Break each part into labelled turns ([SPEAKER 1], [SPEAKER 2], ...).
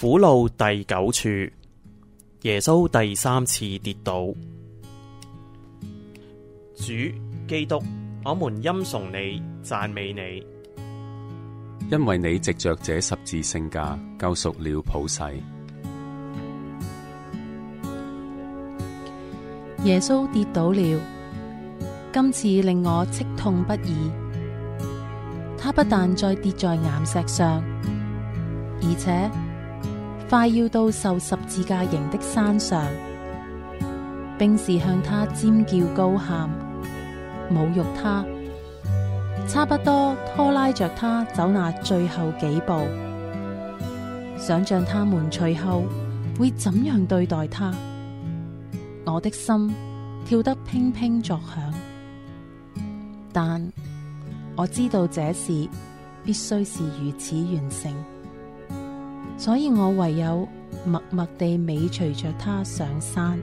[SPEAKER 1] 苦路第九處，耶穌第三次跌倒。主基督，我們欽崇你，讚美你，
[SPEAKER 2] 因為你藉着這十字聖架救贖了普世。
[SPEAKER 3] 耶穌跌倒了，今次令我切痛不已。他不但再跌在岩石上，而且，快要到受十字架刑的山上，並且向他尖叫高喊，侮辱他，差不多拖拉着他走那最後幾步。想象他們隨後會怎樣對待他，我的心跳得怦怦作響，但我知道這事必須是如此完成。所以我唯有默默地尾隨着他上山。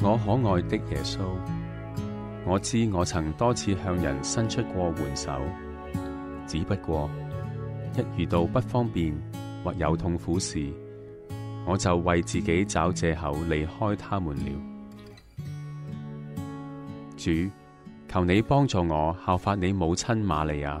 [SPEAKER 2] 我可愛的耶穌，我知我曾多次向人伸出過援手，只不過一遇到不方便或有痛苦時，我就為自己找借口離開他們了。主，求你幫助我效法你母親瑪利亞。